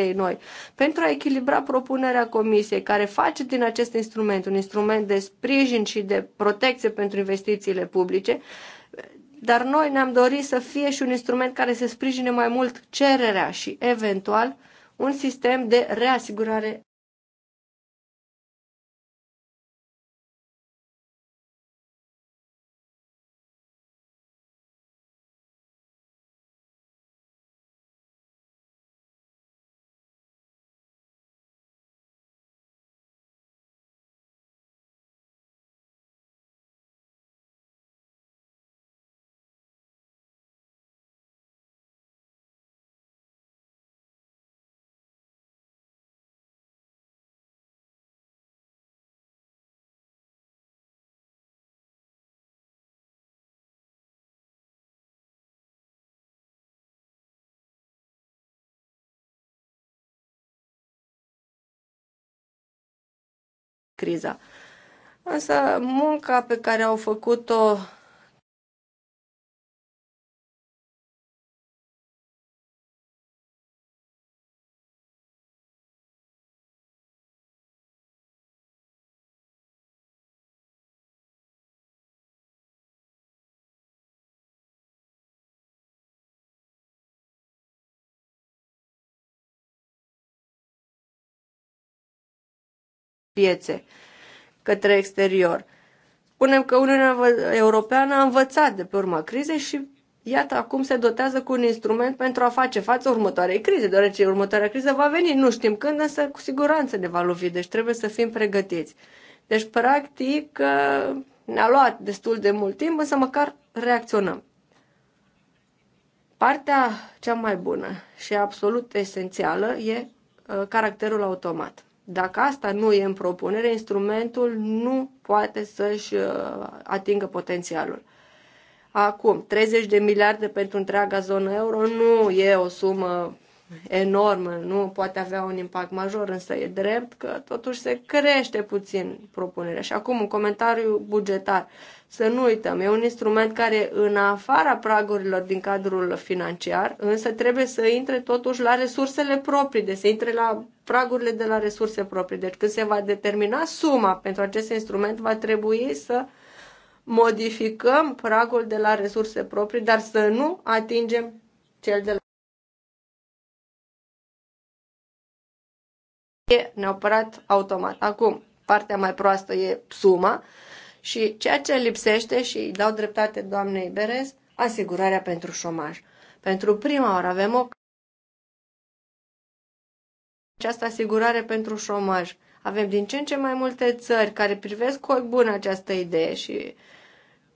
ei noi, pentru a echilibra propunerea Comisiei, care face din acest instrument un instrument de sprijin și de protecție pentru investițiile publice, dar noi ne-am dorit să fie și un instrument care să sprijine mai mult cererea și, eventual, un sistem de reasigurare criza. Însă munca pe care au făcut-o piețe către exterior. Spunem că Uniunea Europeană a învățat de pe urma crizei și iată acum se dotează cu un instrument pentru a face față următoarei crize, deoarece următoarea criză va veni, nu știm când, însă cu siguranță ne va lovi, deci trebuie să fim pregătiți. Deci, practic, ne-a luat destul de mult timp, însă măcar reacționăm. Partea cea mai bună și absolut esențială e uh, caracterul automat. Dacă asta nu e în propunere, instrumentul nu poate să-și uh, atingă potențialul. Acum, 30 de miliarde pentru întreaga zonă euro nu e o sumă enormă, nu poate avea un impact major, însă e drept că totuși se crește puțin propunerea. Și acum un comentariu bugetar. Să nu uităm, e un instrument care în afara pragurilor din cadrul financiar, însă trebuie să intre totuși la resursele proprii, de deci să intre la pragurile de la resurse proprii. Deci când se va determina suma pentru acest instrument, va trebui să modificăm pragul de la resurse proprii, dar să nu atingem cel de la e neapărat automat. Acum, partea mai proastă e suma și ceea ce lipsește și îi dau dreptate doamnei Berez, asigurarea pentru șomaj. Pentru prima oară avem o această asigurare pentru șomaj. Avem din ce în ce mai multe țări care privesc cu bun această idee și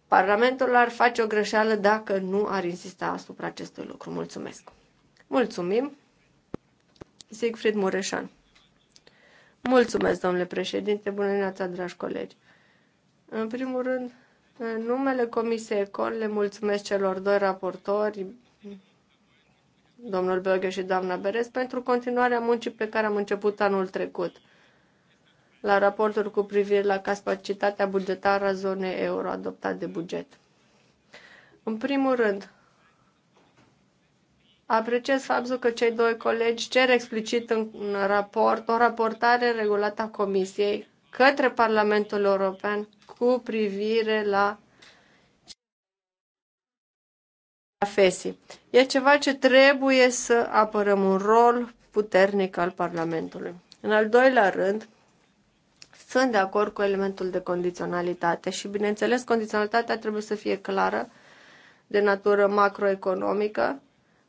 Parlamentul ar face o greșeală dacă nu ar insista asupra acestui lucru. Mulțumesc! Mulțumim! Siegfried Mureșan Mulțumesc, domnule președinte, bună dimineața, dragi colegi! În primul rând, în numele Comisiei Econ le mulțumesc celor doi raportori, domnul Beoghe și doamna Beres, pentru continuarea muncii pe care am început anul trecut la raportul cu privire la capacitatea bugetară a zonei euro adoptat de buget. În primul rând, apreciez faptul că cei doi colegi cer explicit în raport o raportare regulată a Comisiei către Parlamentul European cu privire la FESI. E ceva ce trebuie să apărăm un rol puternic al Parlamentului. În al doilea rând, sunt de acord cu elementul de condiționalitate și, bineînțeles, condiționalitatea trebuie să fie clară, de natură macroeconomică.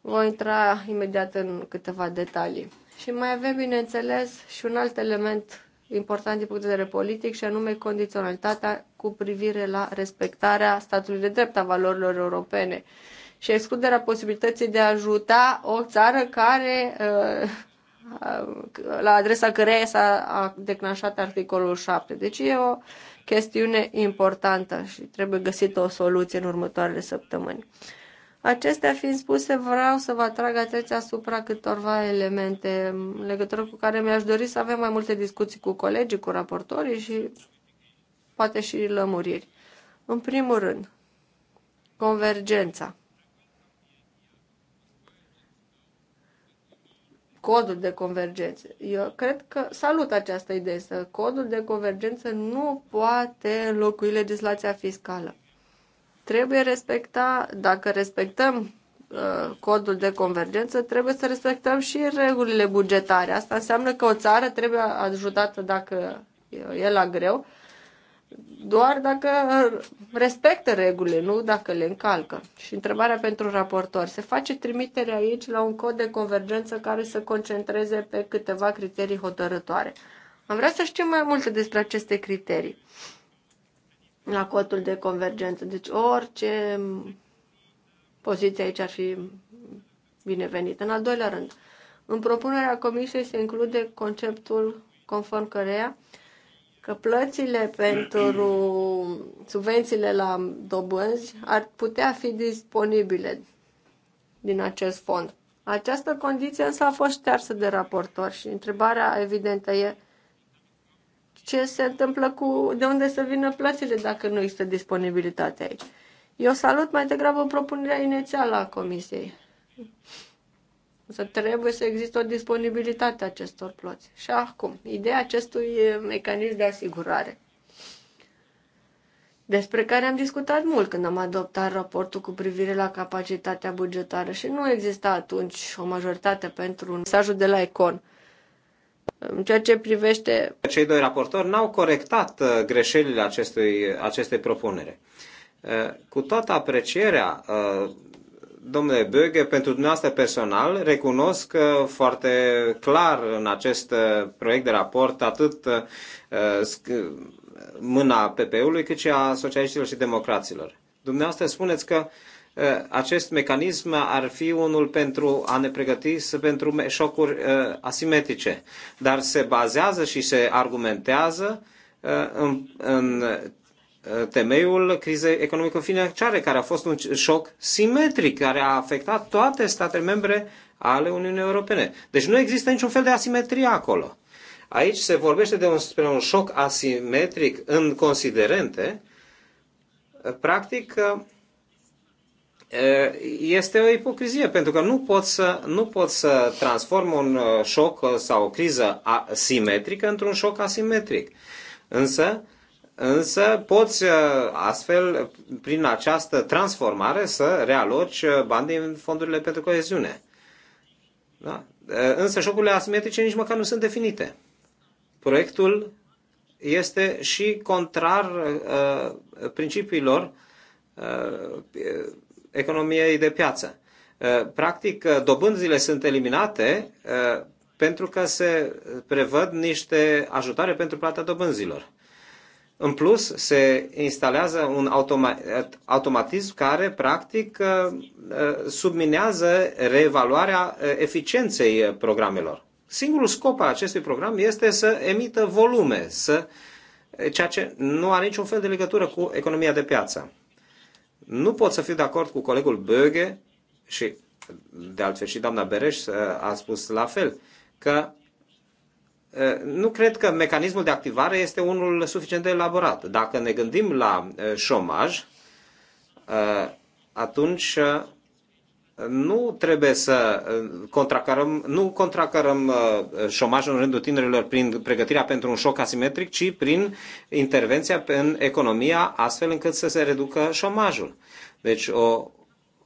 Voi intra imediat în câteva detalii. Și mai avem, bineînțeles, și un alt element important din punct de vedere politic și anume condiționalitatea cu privire la respectarea statului de drept a valorilor europene și excluderea posibilității de a ajuta o țară care uh, la adresa căreia s-a declanșat articolul 7. Deci e o chestiune importantă și trebuie găsită o soluție în următoarele săptămâni. Acestea fiind spuse, vreau să vă atrag atenția asupra câtorva elemente în legătură cu care mi-aș dori să avem mai multe discuții cu colegii, cu raportorii și poate și lămuriri. În primul rând, convergența. codul de convergență. Eu cred că salut această idee, să codul de convergență nu poate înlocui legislația fiscală. Trebuie respecta, dacă respectăm uh, codul de convergență, trebuie să respectăm și regulile bugetare. Asta înseamnă că o țară trebuie ajutată dacă e la greu, doar dacă respectă regulile, nu dacă le încalcă. Și întrebarea pentru raportor. Se face trimitere aici la un cod de convergență care să concentreze pe câteva criterii hotărătoare. Am vrea să știm mai multe despre aceste criterii la codul de convergență. Deci orice poziție aici ar fi binevenită. În al doilea rând, în propunerea comisiei se include conceptul conform căreia că plățile pentru subvențiile la dobânzi ar putea fi disponibile din acest fond. Această condiție însă a fost ștearsă de raportor și întrebarea evidentă e ce se întâmplă cu, de unde să vină plățile dacă nu există disponibilitate aici. Eu salut mai degrabă propunerea inițială a Comisiei. Însă trebuie să există o disponibilitate a acestor plăți. Și acum, ideea acestui eh, mecanism de asigurare, despre care am discutat mult când am adoptat raportul cu privire la capacitatea bugetară și nu exista atunci o majoritate pentru un mesajul de la Econ. În ceea ce privește... Cei doi raportori n-au corectat eh, greșelile acestui, acestei propunere. Eh, cu toată aprecierea domnule Böge, pentru dumneavoastră personal, recunosc uh, foarte clar în acest uh, proiect de raport atât uh, mâna PP-ului cât și a socialiștilor și democraților. Dumneavoastră spuneți că acest mecanism ar fi unul pentru a ne pregăti pentru șocuri asimetrice, dar se bazează și se argumentează în, în Uh, temeiul crizei economico-financiare, care a fost un șoc simetric, care a afectat toate statele membre ale Uniunii Europene. Deci nu există niciun fel de asimetrie acolo. Aici se vorbește de un, despre un șoc asimetric în considerente. Uh, practic, uh, este o ipocrizie, pentru că nu pot să, nu pot să transform un șoc sau o criză asimetrică într-un șoc asimetric. Însă, însă poți uh, astfel, prin această transformare, să realoci uh, bani din fondurile pentru coeziune. Da? Uh, însă șocurile asimetrice nici măcar nu sunt definite. Proiectul este și contrar uh, principiilor uh, economiei de piață. Uh, practic, dobânzile sunt eliminate uh, pentru că se prevăd niște ajutare pentru plata dobânzilor. În plus, se instalează un automa automatism care, practic, uh, uh, subminează reevaluarea uh, eficienței programelor. Singurul scop al acestui program este să emită volume, să, ceea ce nu are niciun fel de legătură cu economia de piață. Nu pot să fiu de acord cu colegul Böge și, de altfel, și doamna Bereș a spus la fel, că Eh, nu cred că mecanismul de activare este unul suficient de elaborat. Dacă ne gândim la eh, șomaj, eh, atunci nu trebuie să contracarăm, nu contracarăm șomajul în rândul tinerilor prin pregătirea pentru un șoc asimetric, ci prin intervenția în economia astfel încât să se reducă șomajul. Deci o,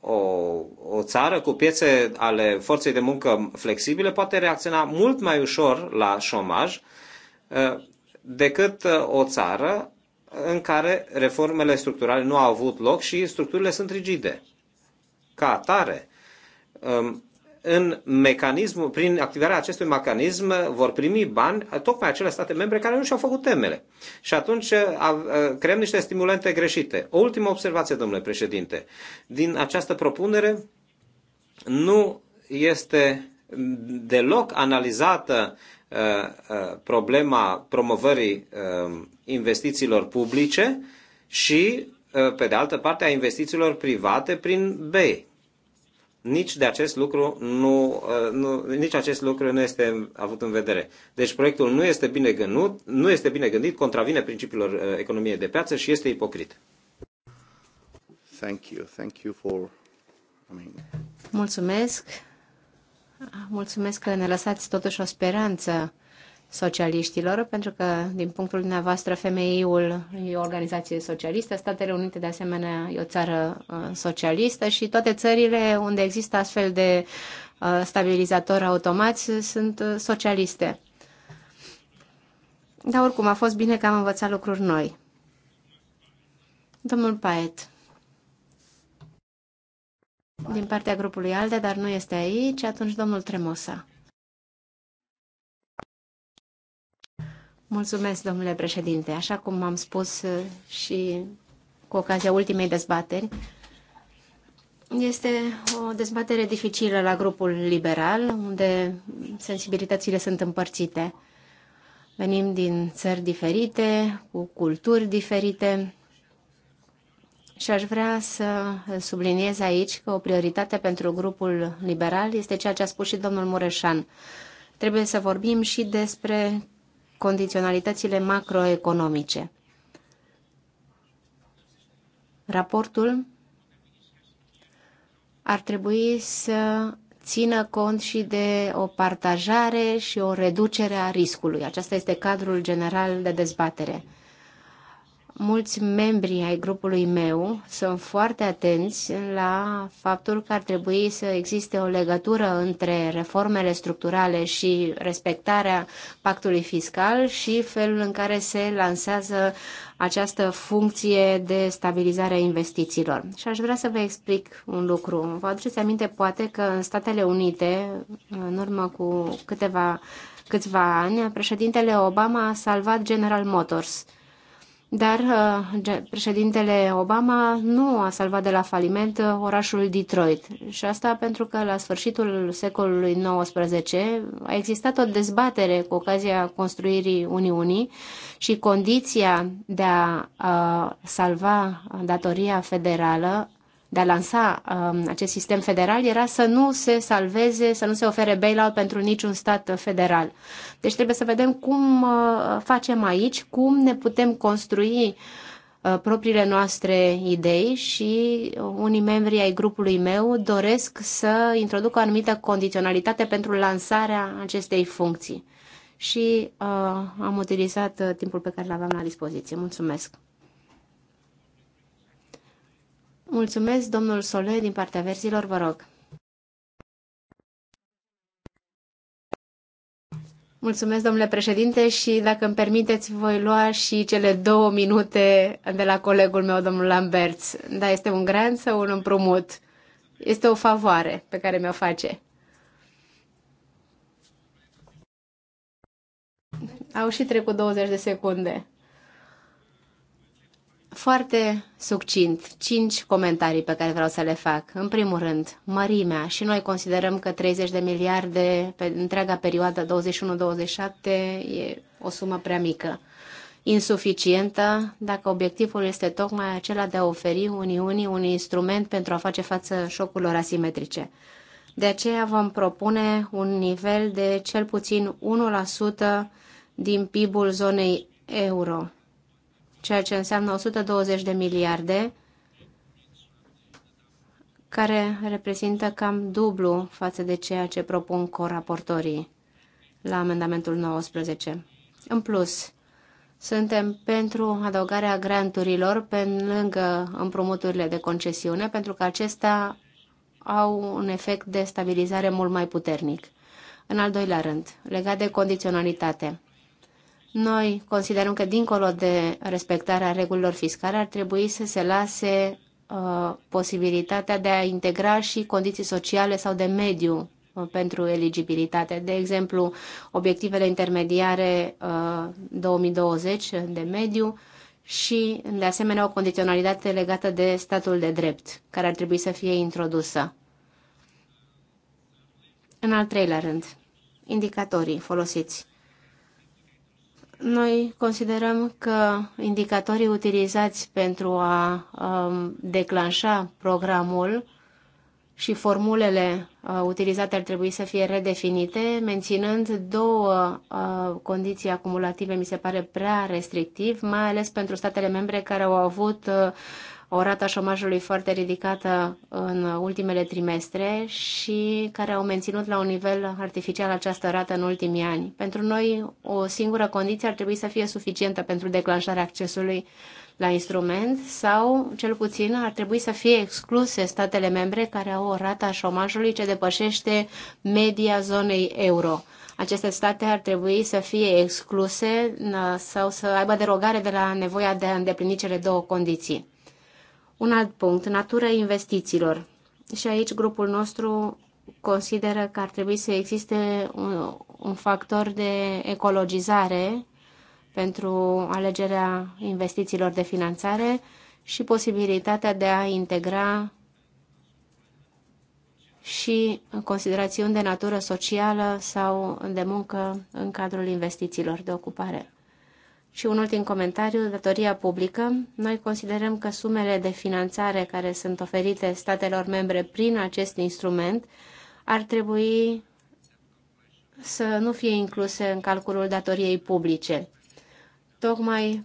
o, o țară cu piețe ale forței de muncă flexibile poate reacționa mult mai ușor la șomaj uh, decât uh, o țară uh, în care reformele structurale nu au avut loc și structurile sunt rigide. Ca atare, um, în mecanismul, prin activarea acestui mecanism vor primi bani tocmai acele state membre care nu și-au făcut temele. Și atunci uh, uh, creăm niște stimulente greșite. O ultimă observație, domnule președinte. Din această propunere nu este deloc analizată uh, problema promovării investițiilor publice și, pe de altă parte, a investițiilor private prin BEI nici de acest lucru nu, uh, nu, nici acest lucru nu este avut în vedere. Deci proiectul nu este bine gândit, nu este bine gândit, contravine principiilor uh, economiei de piață și este ipocrit. Thank you. Thank you for Mulțumesc. Mulțumesc că ne lăsați totuși o speranță socialiștilor, pentru că, din punctul dumneavoastră, femeiul e o organizație socialistă, Statele Unite, de asemenea, e o țară uh, socialistă și toate țările unde există astfel de uh, stabilizatori automați sunt uh, socialiste. Dar oricum, a fost bine că am învățat lucruri noi. Domnul Paet. Din partea grupului ALDE, dar nu este aici, atunci domnul Tremosa. Mulțumesc, domnule președinte. Așa cum am spus uh, și cu ocazia ultimei dezbateri, este o dezbatere dificilă la grupul liberal, unde sensibilitățile sunt împărțite. Venim din țări diferite, cu culturi diferite și aș vrea să subliniez aici că o prioritate pentru grupul liberal este ceea ce a spus și domnul Mureșan. Trebuie să vorbim și despre condiționalitățile macroeconomice. Raportul ar trebui să țină cont și de o partajare și o reducere a riscului. Acesta este cadrul general de dezbatere mulți membri ai grupului meu sunt foarte atenți la faptul că ar trebui să existe o legătură între reformele structurale și respectarea pactului fiscal și felul în care se lansează această funcție de stabilizare a investițiilor. Și aș vrea să vă explic un lucru. Vă aduceți aminte poate că în Statele Unite, în urmă cu câteva, câțiva ani, președintele Obama a salvat General Motors – dar uh, președintele Obama nu a salvat de la faliment uh, orașul Detroit. Și asta pentru că la sfârșitul secolului XIX a existat o dezbatere cu ocazia construirii Uniunii și condiția de a, uh, salva datoria federală de a lansa um, acest sistem federal era să nu se salveze, să nu se ofere bailout pentru niciun stat federal. Deci trebuie să vedem cum uh, facem aici, cum ne putem construi uh, propriile noastre idei și unii membri ai grupului meu doresc să introducă o anumită condiționalitate pentru lansarea acestei funcții. Și uh, am utilizat uh, timpul pe care l-aveam la dispoziție. Mulțumesc! Mulțumesc, domnul Sole, din partea verzilor, vă rog. Mulțumesc, domnule președinte, și dacă îmi permiteți, voi lua și cele două minute de la colegul meu, domnul Lambert. Da, este un grant sau un împrumut? Este o favoare pe care mi-o face. Au și trecut 20 de secunde. Foarte succint, cinci comentarii pe care vreau să le fac. În primul rând, mărimea. Și noi considerăm că 30 de miliarde pe întreaga perioadă 21-27 e o sumă prea mică insuficientă dacă obiectivul este tocmai acela de a oferi Uniunii un instrument pentru a face față șocurilor asimetrice. De aceea vom propune un nivel de cel puțin 1% din PIB-ul zonei euro ceea ce înseamnă 120 de miliarde, care reprezintă cam dublu față de ceea ce propun coraportorii la amendamentul 19. În plus, suntem pentru adăugarea granturilor pe lângă împrumuturile de concesiune, pentru că acestea au un efect de stabilizare mult mai puternic. În al doilea rând, legat de condiționalitate. Noi considerăm că, dincolo de respectarea regulilor fiscale, ar trebui să se lase uh, posibilitatea de a integra și condiții sociale sau de mediu uh, pentru eligibilitate. De exemplu, obiectivele intermediare uh, 2020 de mediu și, de asemenea, o condiționalitate legată de statul de drept, care ar trebui să fie introdusă. În al treilea rând, indicatorii folosiți. Noi considerăm că indicatorii utilizați pentru a um, declanșa programul și formulele uh, utilizate ar trebui să fie redefinite, menținând două uh, condiții acumulative, mi se pare prea restrictiv, mai ales pentru statele membre care au avut uh, o rată a șomajului foarte ridicată în ultimele trimestre și care au menținut la un nivel artificial această rată în ultimii ani. Pentru noi, o singură condiție ar trebui să fie suficientă pentru declanșarea accesului la instrument sau, cel puțin, ar trebui să fie excluse statele membre care au o rată a șomajului ce depășește media zonei euro aceste state ar trebui să fie excluse sau să aibă derogare de la nevoia de a îndeplini cele două condiții. Un alt punct, natura investițiilor. Și aici grupul nostru consideră că ar trebui să existe un, un factor de ecologizare pentru alegerea investițiilor de finanțare și posibilitatea de a integra și considerațiuni de natură socială sau de muncă în cadrul investițiilor de ocupare. Și un ultim comentariu, datoria publică. Noi considerăm că sumele de finanțare care sunt oferite statelor membre prin acest instrument ar trebui să nu fie incluse în calculul datoriei publice. Tocmai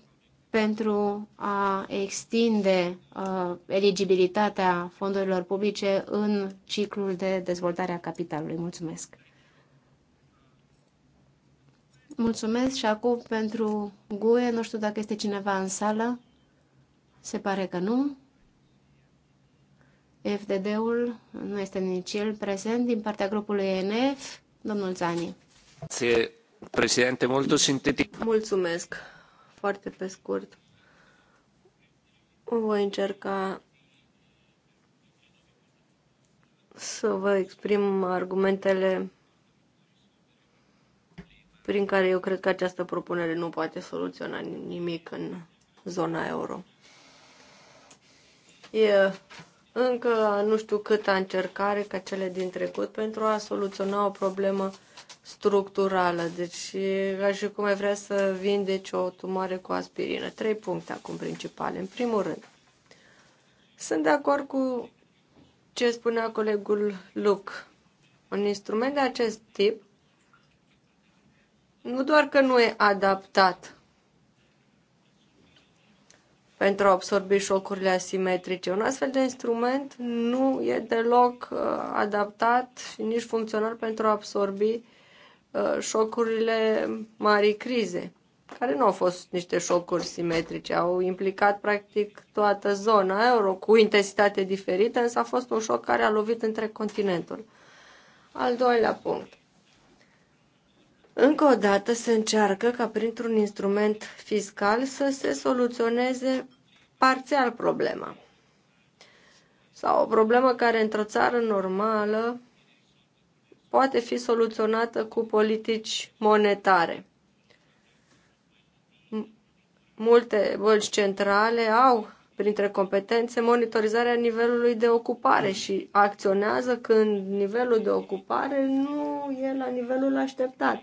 pentru a extinde uh, eligibilitatea fondurilor publice în ciclul de dezvoltare a capitalului. Mulțumesc! Mulțumesc și acum pentru GUE, nu știu dacă este cineva în sală. Se pare că nu. FDD-ul nu este nici el prezent din partea grupului ENF, domnul Zani. Președinte, mult sintetic. Mulțumesc. Foarte pe scurt. Voi încerca să vă exprim argumentele prin care eu cred că această propunere nu poate soluționa nimic în zona euro. E încă nu știu câtă încercare ca cele din trecut pentru a soluționa o problemă structurală. Deci, ca și cum ai vrea să vindeci o tumoare cu aspirină. Trei puncte acum principale. În primul rând, sunt de acord cu ce spunea colegul Luc. Un instrument de acest tip nu doar că nu e adaptat pentru a absorbi șocurile asimetrice. Un astfel de instrument nu e deloc uh, adaptat și nici funcțional pentru a absorbi uh, șocurile marii crize, care nu au fost niște șocuri simetrice, au implicat practic toată zona euro cu intensitate diferită, însă a fost un șoc care a lovit între continentul. Al doilea punct. Încă o dată se încearcă ca printr-un instrument fiscal să se soluționeze parțial problema. Sau o problemă care într-o țară normală poate fi soluționată cu politici monetare. Multe bănci centrale au printre competențe monitorizarea nivelului de ocupare și acționează când nivelul de ocupare nu e la nivelul așteptat.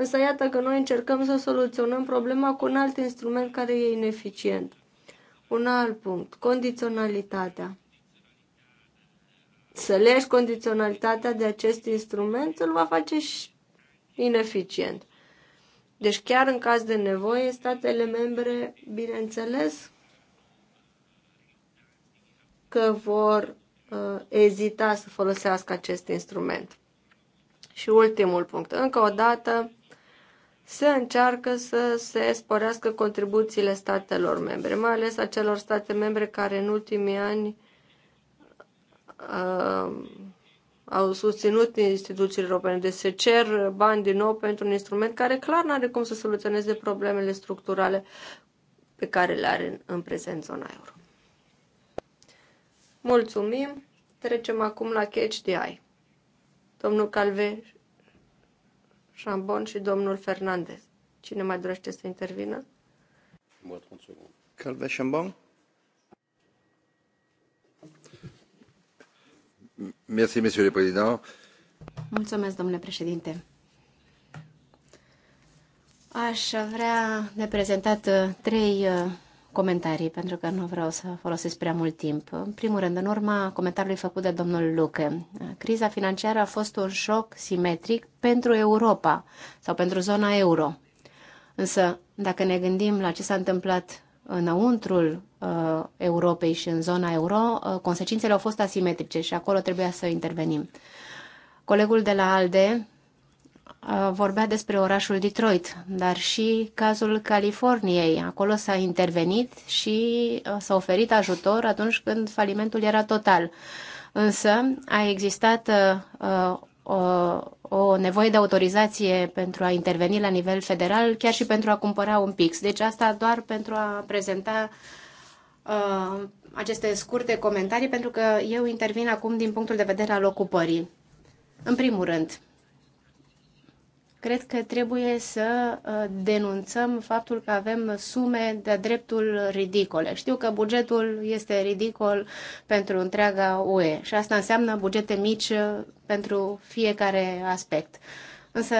Însă iată că noi încercăm să soluționăm problema cu un alt instrument care e ineficient. Un alt punct, condiționalitatea. Să legi condiționalitatea de acest instrument îl va face și ineficient. Deci chiar în caz de nevoie, statele membre, bineînțeles, că vor uh, ezita să folosească acest instrument. Și ultimul punct. Încă o dată, se încearcă să se sporească contribuțiile statelor membre, mai ales a celor state membre care în ultimii ani uh, au susținut instituțiile europene. Deci se cer bani din nou pentru un instrument care clar nu are cum să soluționeze problemele structurale pe care le are în, în prezent zona euro. Mulțumim! Trecem acum la Catch the Eye. Domnul Calve Șambon și domnul Fernandez. Cine mai dorește să intervină? Calve Șambon? Merci, monsieur le président. Mulțumesc, domnule președinte. Aș vrea de prezentat uh, trei uh, comentarii, pentru că nu vreau să folosesc prea mult timp. În primul rând, în urma comentariului făcut de domnul Luca, criza financiară a fost un șoc simetric pentru Europa sau pentru zona euro. Însă, dacă ne gândim la ce s-a întâmplat înăuntrul uh, Europei și în zona euro, uh, consecințele au fost asimetrice și acolo trebuia să intervenim. Colegul de la ALDE vorbea despre orașul Detroit, dar și cazul Californiei. Acolo s-a intervenit și s-a oferit ajutor atunci când falimentul era total. Însă a existat o, o nevoie de autorizație pentru a interveni la nivel federal, chiar și pentru a cumpăra un pix. Deci asta doar pentru a prezenta uh, aceste scurte comentarii, pentru că eu intervin acum din punctul de vedere al ocupării. În primul rând, cred că trebuie să uh, denunțăm faptul că avem sume de dreptul ridicole. Știu că bugetul este ridicol pentru întreaga UE și asta înseamnă bugete mici uh, pentru fiecare aspect. Însă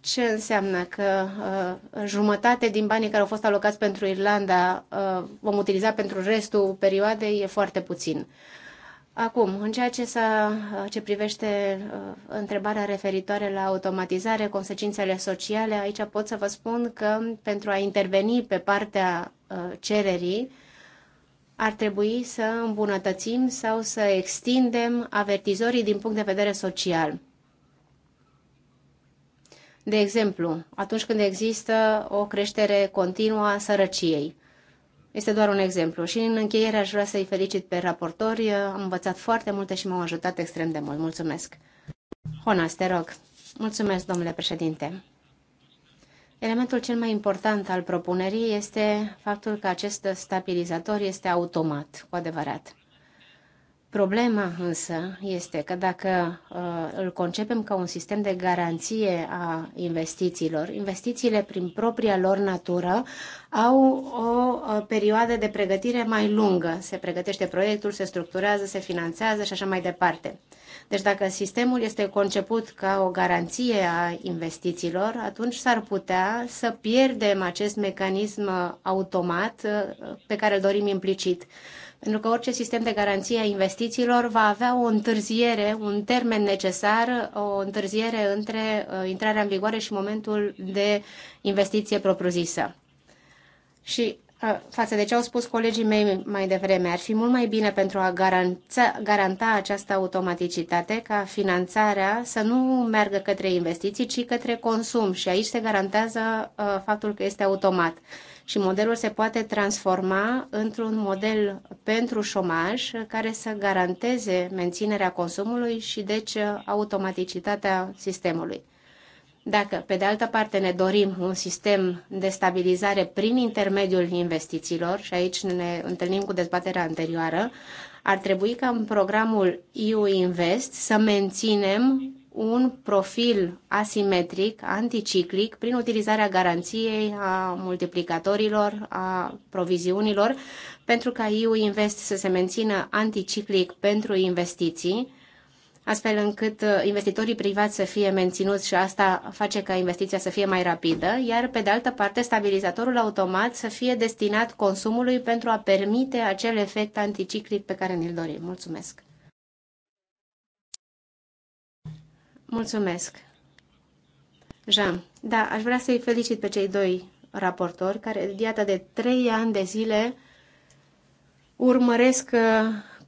ce înseamnă că uh, jumătate din banii care au fost alocați pentru Irlanda uh, vom utiliza pentru restul perioadei e foarte puțin. Uh, Acum, în ceea ce, s-a, uh, ce privește uh, întrebarea referitoare la automatizare, consecințele sociale, aici pot să vă spun că pentru a interveni pe partea uh, cererii, ar trebui să îmbunătățim sau să extindem avertizorii din punct de vedere social. De exemplu, atunci când există o creștere continuă a sărăciei este doar un exemplu și în încheiere aș vrea să-i felicit pe raportori. Am învățat foarte multe și m-au ajutat extrem de mult. Mulțumesc! Honas, te rog. Mulțumesc, domnule președinte. Elementul cel mai important al propunerii este faptul că acest stabilizator este automat, cu adevărat. Problema însă este că dacă uh, îl concepem ca un sistem de garanție a investițiilor, investițiile prin propria lor natură au o uh, perioadă de pregătire mai lungă. Se pregătește proiectul, se structurează, se finanțează și așa mai departe. Deci dacă sistemul este conceput ca o garanție a investițiilor, atunci s-ar putea să pierdem acest mecanism automat uh, pe care îl dorim implicit. Pentru că orice sistem de garanție a investițiilor va avea o întârziere, un termen necesar, o întârziere între uh, intrarea în vigoare și momentul de investiție propriu-zisă. Și uh, față de ce au spus colegii mei mai devreme, ar fi mult mai bine pentru a garanta, garanta această automaticitate ca finanțarea să nu meargă către investiții, ci către consum și aici se garantează uh, faptul că este automat. Uh, și modelul se poate transforma într-un model pentru șomaj care să garanteze menținerea consumului și deci automaticitatea sistemului. Dacă, pe de altă parte, ne dorim un sistem de stabilizare prin intermediul investițiilor, și aici ne întâlnim cu dezbaterea anterioară, ar trebui ca în programul EU Invest să menținem un profil asimetric, anticiclic, prin utilizarea garanției a multiplicatorilor, a proviziunilor, pentru ca EU Invest să se mențină anticiclic pentru investiții, astfel încât uh, investitorii privați să fie menținuți și asta face ca investiția să fie mai rapidă, iar pe de altă parte stabilizatorul automat să fie destinat consumului pentru a permite acel efect anticiclic pe care ne-l dorim. Mulțumesc! Mulțumesc. Jean, da, aș vrea să-i felicit pe cei doi raportori care, iată, de trei ani de zile urmăresc uh,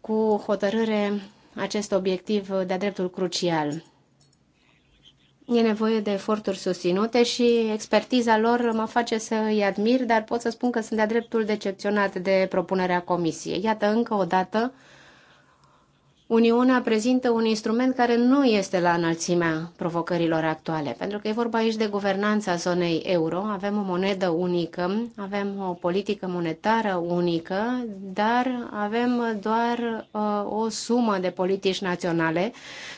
cu hotărâre acest obiectiv uh, de-a dreptul crucial. E nevoie de eforturi susținute și expertiza lor mă face să îi admir, dar pot să spun că sunt de-a dreptul decepționat de propunerea comisiei. Iată, încă o dată, Uniunea prezintă un instrument care nu este la înălțimea provocărilor actuale, pentru că e vorba aici de guvernanța zonei euro, avem o monedă unică, avem o politică monetară unică, dar avem doar uh, o sumă de politici naționale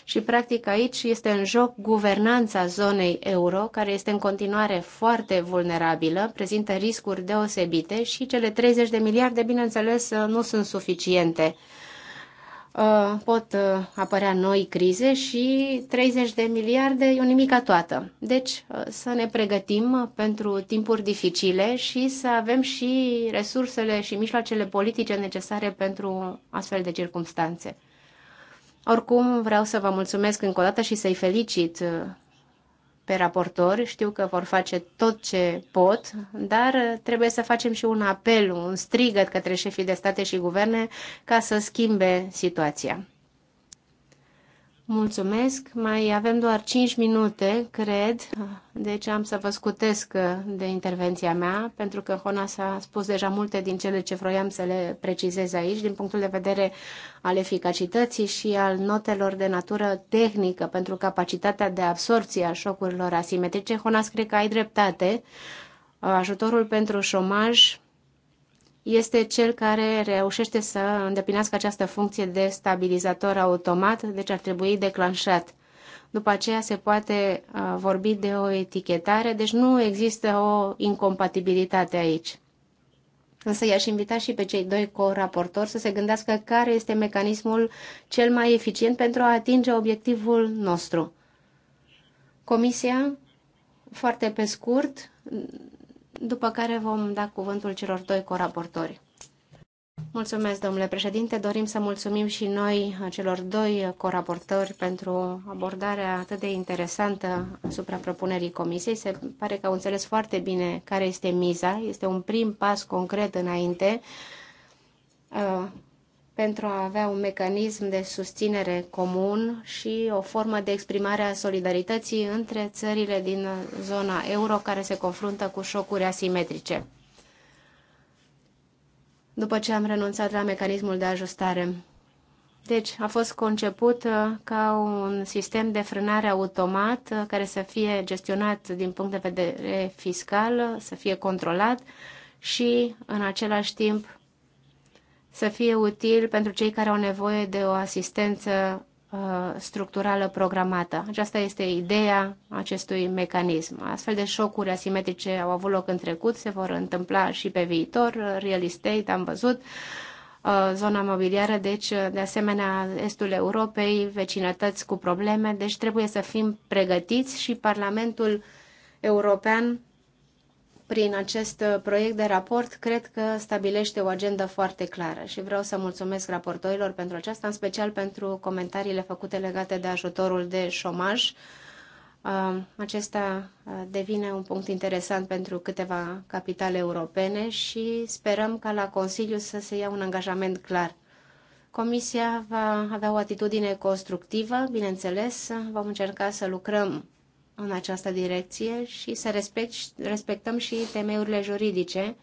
și practic aici este în joc guvernanța zonei euro, care este în continuare foarte vulnerabilă, prezintă riscuri deosebite și cele 30 de miliarde, bineînțeles, nu sunt suficiente Uh, pot uh, apărea noi crize și 30 de miliarde e o nimica toată. Deci uh, să ne pregătim pentru timpuri dificile și să avem și resursele și mijloacele politice necesare pentru astfel de circumstanțe. Oricum, vreau să vă mulțumesc încă o dată și să-i felicit pe raportori, știu că vor face tot ce pot, dar trebuie să facem și un apel, un strigăt către șefii de state și guverne ca să schimbe situația. Mulțumesc. Mai avem doar 5 minute, cred, deci am să vă scutesc de intervenția mea, pentru că Hona s-a spus deja multe din cele ce vroiam să le precizez aici, din punctul de vedere al eficacității și al notelor de natură tehnică pentru capacitatea de absorție a șocurilor asimetrice. Hona, cred că ai dreptate. Ajutorul pentru șomaj este cel care reușește să îndeplinească această funcție de stabilizator automat, deci ar trebui declanșat. După aceea se poate uh, vorbi de o etichetare, deci nu există o incompatibilitate aici. Însă i-aș invita și pe cei doi co-raportori să se gândească care este mecanismul cel mai eficient pentru a atinge obiectivul nostru. Comisia, foarte pe scurt, după care vom da cuvântul celor doi coraportori. Mulțumesc, domnule președinte. Dorim să mulțumim și noi uh, celor doi coraportori pentru abordarea atât de interesantă asupra propunerii comisiei. Se pare că au înțeles foarte bine care este miza. Este un prim pas concret înainte uh, pentru a avea un mecanism de susținere comun și o formă de exprimare a solidarității între țările din zona euro care se confruntă cu șocuri asimetrice. După ce am renunțat la mecanismul de ajustare. Deci a fost conceput uh, ca un sistem de frânare automat uh, care să fie gestionat din punct de vedere fiscal, să fie controlat și în același timp să fie util pentru cei care au nevoie de o asistență uh, structurală programată. Aceasta este ideea acestui mecanism. Astfel de șocuri asimetrice au avut loc în trecut, se vor întâmpla și pe viitor. Real estate, am văzut, uh, zona mobiliară, deci de asemenea estul Europei, vecinătăți cu probleme, deci trebuie să fim pregătiți și Parlamentul European prin acest uh, proiect de raport, cred că stabilește o agendă foarte clară și vreau să mulțumesc raportorilor pentru aceasta, în special pentru comentariile făcute legate de ajutorul de șomaj. Uh, acesta uh, devine un punct interesant pentru câteva capitale europene și sperăm ca la Consiliu să se ia un angajament clar. Comisia va avea o atitudine constructivă, bineînțeles, vom încerca să lucrăm în această direcție și să respect, respectăm și temeiurile juridice.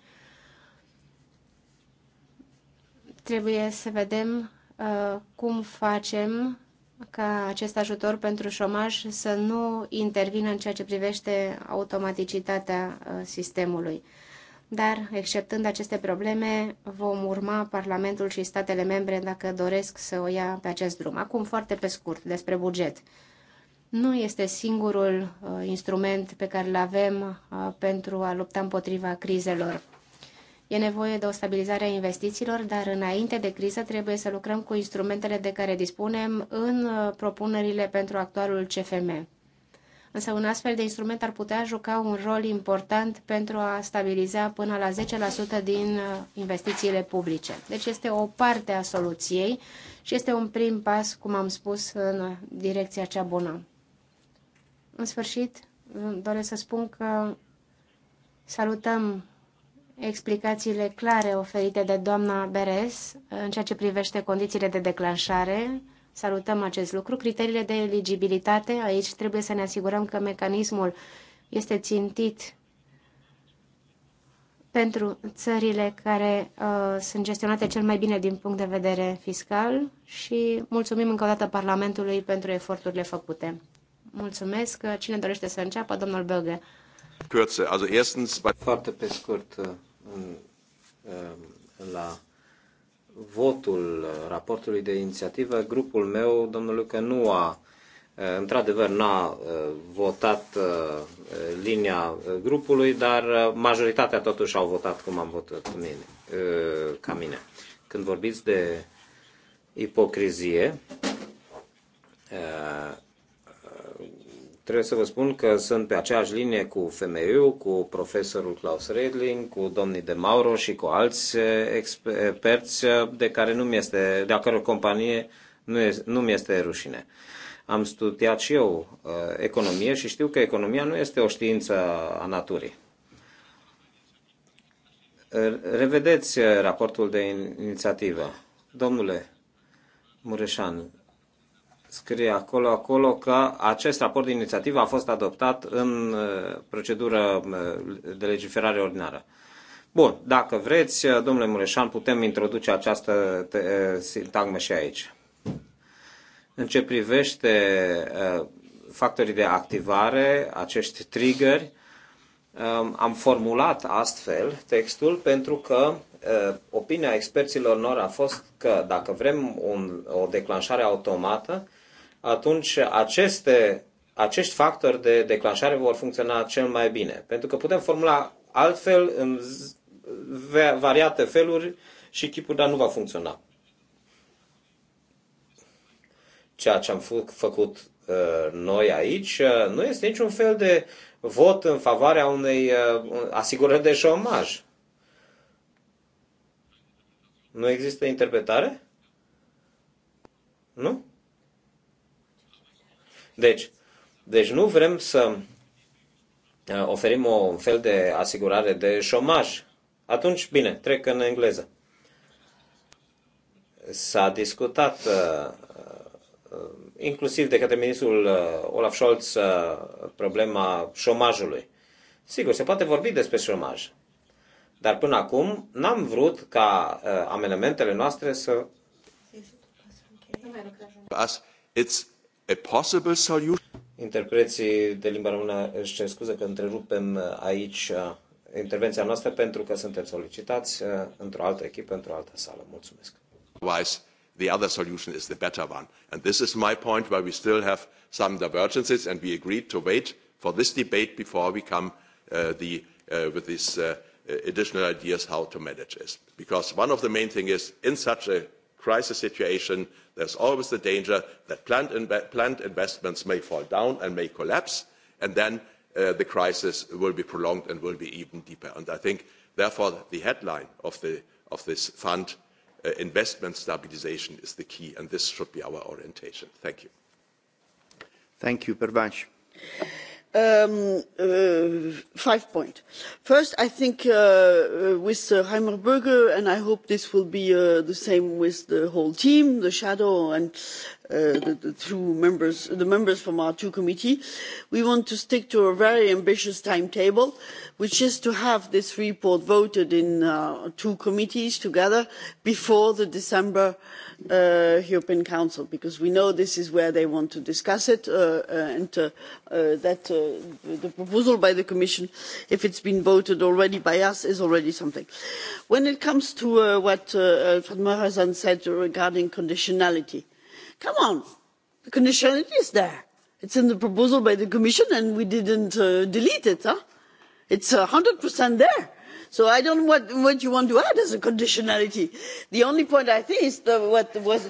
Trebuie să vedem uh, cum facem ca acest ajutor pentru șomaj să nu intervină în ceea ce privește automaticitatea uh, sistemului. Dar, exceptând aceste probleme, vom urma Parlamentul și statele membre dacă doresc să o ia pe acest drum. Acum, foarte pe scurt, despre buget nu este singurul uh, instrument pe care îl avem uh, pentru a lupta împotriva crizelor. E nevoie de o stabilizare a investițiilor, dar înainte de criză trebuie să lucrăm cu instrumentele de care dispunem în uh, propunerile pentru actualul CFM. Însă un astfel de instrument ar putea juca un rol important pentru a stabiliza până la 10% din investițiile publice. Deci este o parte a soluției și este un prim pas, cum am spus, în direcția cea bună. În sfârșit, doresc să spun că salutăm explicațiile clare oferite de doamna Beres în ceea ce privește condițiile de declanșare. Salutăm acest lucru. Criteriile de eligibilitate, aici trebuie să ne asigurăm că mecanismul este țintit pentru țările care uh, sunt gestionate cel mai bine din punct de vedere fiscal și mulțumim încă o dată Parlamentului pentru eforturile făcute. Mulțumesc. Cine dorește să înceapă? Domnul Böge. Kürze, also erstens... Foarte pe scurt, uh, în, um, la votul uh, raportului de inițiativă, grupul meu, domnul Lucă, nu a uh, într-adevăr n-a votat linia grupului, dar majoritatea totuși au votat cum am votat mine, ca mine. Când vorbiți de ipocrizie, Trebuie să vă spun că sunt pe aceeași linie cu FMU, cu profesorul Klaus Redling, cu domnii de Mauro și cu alți eh, experți eh, eh, de care nu mi este, de a căror companie nu, este, nu mi este rușine. Am studiat și eu economie și știu că economia nu este o știință a naturii. Revedeți raportul de inițiativă. Domnule Mureșan, scrie acolo, acolo că acest raport de inițiativă a fost adoptat în uh, procedură uh, de legiferare ordinară. Bun, dacă vreți, uh, domnule Mureșan, putem introduce această sintagmă și aici. În ce privește factorii de activare, acești triggeri, um, am formulat astfel textul pentru că opinia experților lor a fost că dacă vrem un, o declanșare automată, atunci aceste, acești factori de declanșare vor funcționa cel mai bine. Pentru că putem formula altfel, în variate feluri și chipul, dar nu va funcționa. Ceea ce am făcut uh, noi aici uh, nu este niciun fel de vot în favoarea unei uh, asigurări de șomaj. Nu există interpretare? Nu? Deci, deci nu vrem să uh, oferim o fel de asigurare de șomaj. Atunci, bine, trec în engleză. S-a discutat uh, uh, inclusiv de către ministrul Olaf Scholz problema șomajului. Sigur, se poate vorbi despre șomaj, dar până acum n-am vrut ca uh, amenamentele noastre să... It's a possible solution... Interpreții de limba română își cer scuze că întrerupem uh, aici uh, intervenția noastră pentru că suntem solicitați uh, într-o altă echipă, într-o altă sală. Mulțumesc. Otherwise, the other solution is the better one. And this is my point where we still have some divergences and we agreed to wait for this debate before we come uh, the, uh, with these uh, additional ideas how to manage this. Because one of the main things is in such a crisis situation, there's always the danger that planned, investments may fall down and may collapse, and then uh, the crisis will be prolonged and will be even deeper. And I think, therefore, the headline of, the, of this fund, uh, investment stabilization, is the key, and this should be our orientation. Thank you. Thank you, Pervanche. Um, uh, five points. First, I think uh, uh, with uh, Berger, and I hope this will be the same with the whole team, the shadow and Uh, the, two members the members from our two committees we want to stick to a very ambitious timetable which is to have this report voted in uh, two committees together before the december uh, european council because we know this is where they want to discuss it uh, and that the proposal by the commission if it's been voted already by us is already something. when it comes to what fatma hazan said regarding conditionality come on the conditionality is there it's in the proposal by the commission and we didn't uh, delete it huh? it's one uh, hundred percent there so i don't know what, what you want to add as a conditionality. the only point i think is what was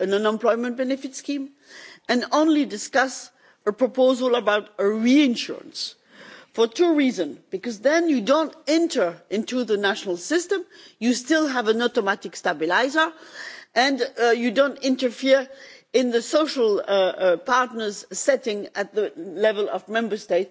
an unemployment benefit scheme and only discuss a proposal about a reinsurance for two reasons because then you don't enter into the national system you still have an automatic stabiliser and uh, you don't interfere in the social uh, uh, partners' setting at the level of member states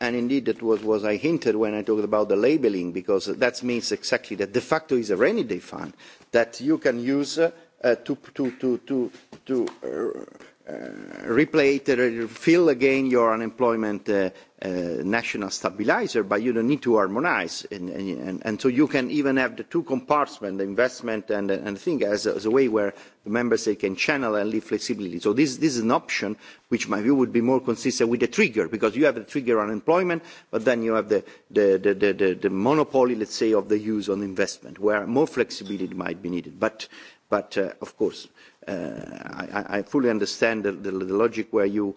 and indeed that was what I hinted when I talked about the labelling, because that means exactly that de facto is a rainy day fund that you can use uh, to, to, to, to, to uh, uh, replay, to uh, fill again your unemployment uh, national stabilizer, but you don't need to harmonize. And, and, and so you can even have the two compartments, the investment and, and the thing, as, as a way where the member state can channel and leave flexibility. So this, this is an option which my view would be more consistent with the trigger, because you have the trigger on employment, but then you have the, the, the, the, the, the monopoly, let's say, of the use on investment, where more flexibility might be needed. But, but uh, of course, Uh, I, I fully understand the, the, the logic where you